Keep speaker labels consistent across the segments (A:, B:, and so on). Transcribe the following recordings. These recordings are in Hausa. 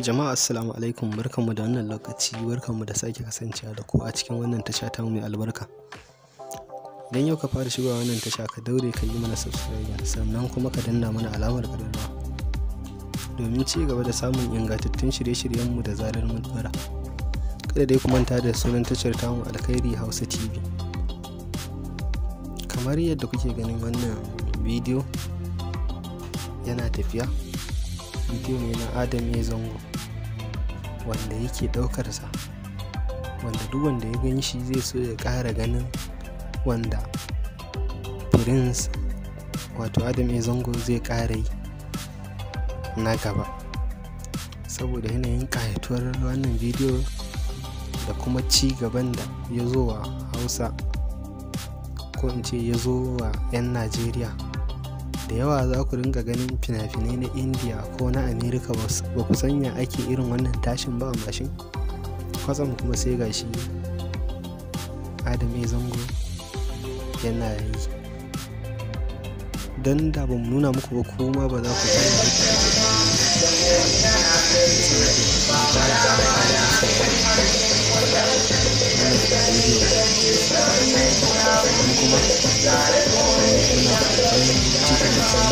A: Jama'a assalamu alaikum barkanmu da wannan lokaci barkanmu da sake kasancewa da ku a cikin wannan tasha ta mai albarka. Don yau ka fara shigowa wannan tasha ka daure ka yi mana subscribe sannan kuma ka danna mana alamar ƙararrawa. Domin ci gaba da samun ingantattun shirye-shiryenmu da zarar mun Kada dai ku manta da sunan tashar tamu Alkhairi Hausa TV. Kamar yadda kuke ganin wannan bidiyo yana tafiya bidiyo ne na adam ya zango wanda yake ɗaukarsa wanda duk wanda ya gan shi zai so ya kara ganin wanda prince wato adam ya zango zai kara yi na gaba saboda yanayin kayatuwar wannan bidiyo da kuma ci gaban da ya zo wa hausa ko in ce ya zo wa 'yan najeriya da yawa za ku dinga ganin fina-finai na india ko na america ba ku sanya ake irin wannan tashin ba a mashin kwatsam kuma sai gashi adam zango yana yi don da ba mu nuna muku ba kuma ba za ku sanya ake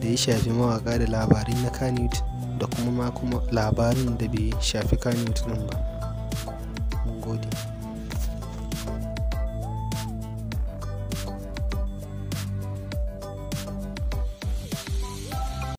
A: da ya shafi mawaƙa da labarai na Kannywood da kuma ma kuma labarin da bai shafi Kannywood ɗin ba. Mun gode.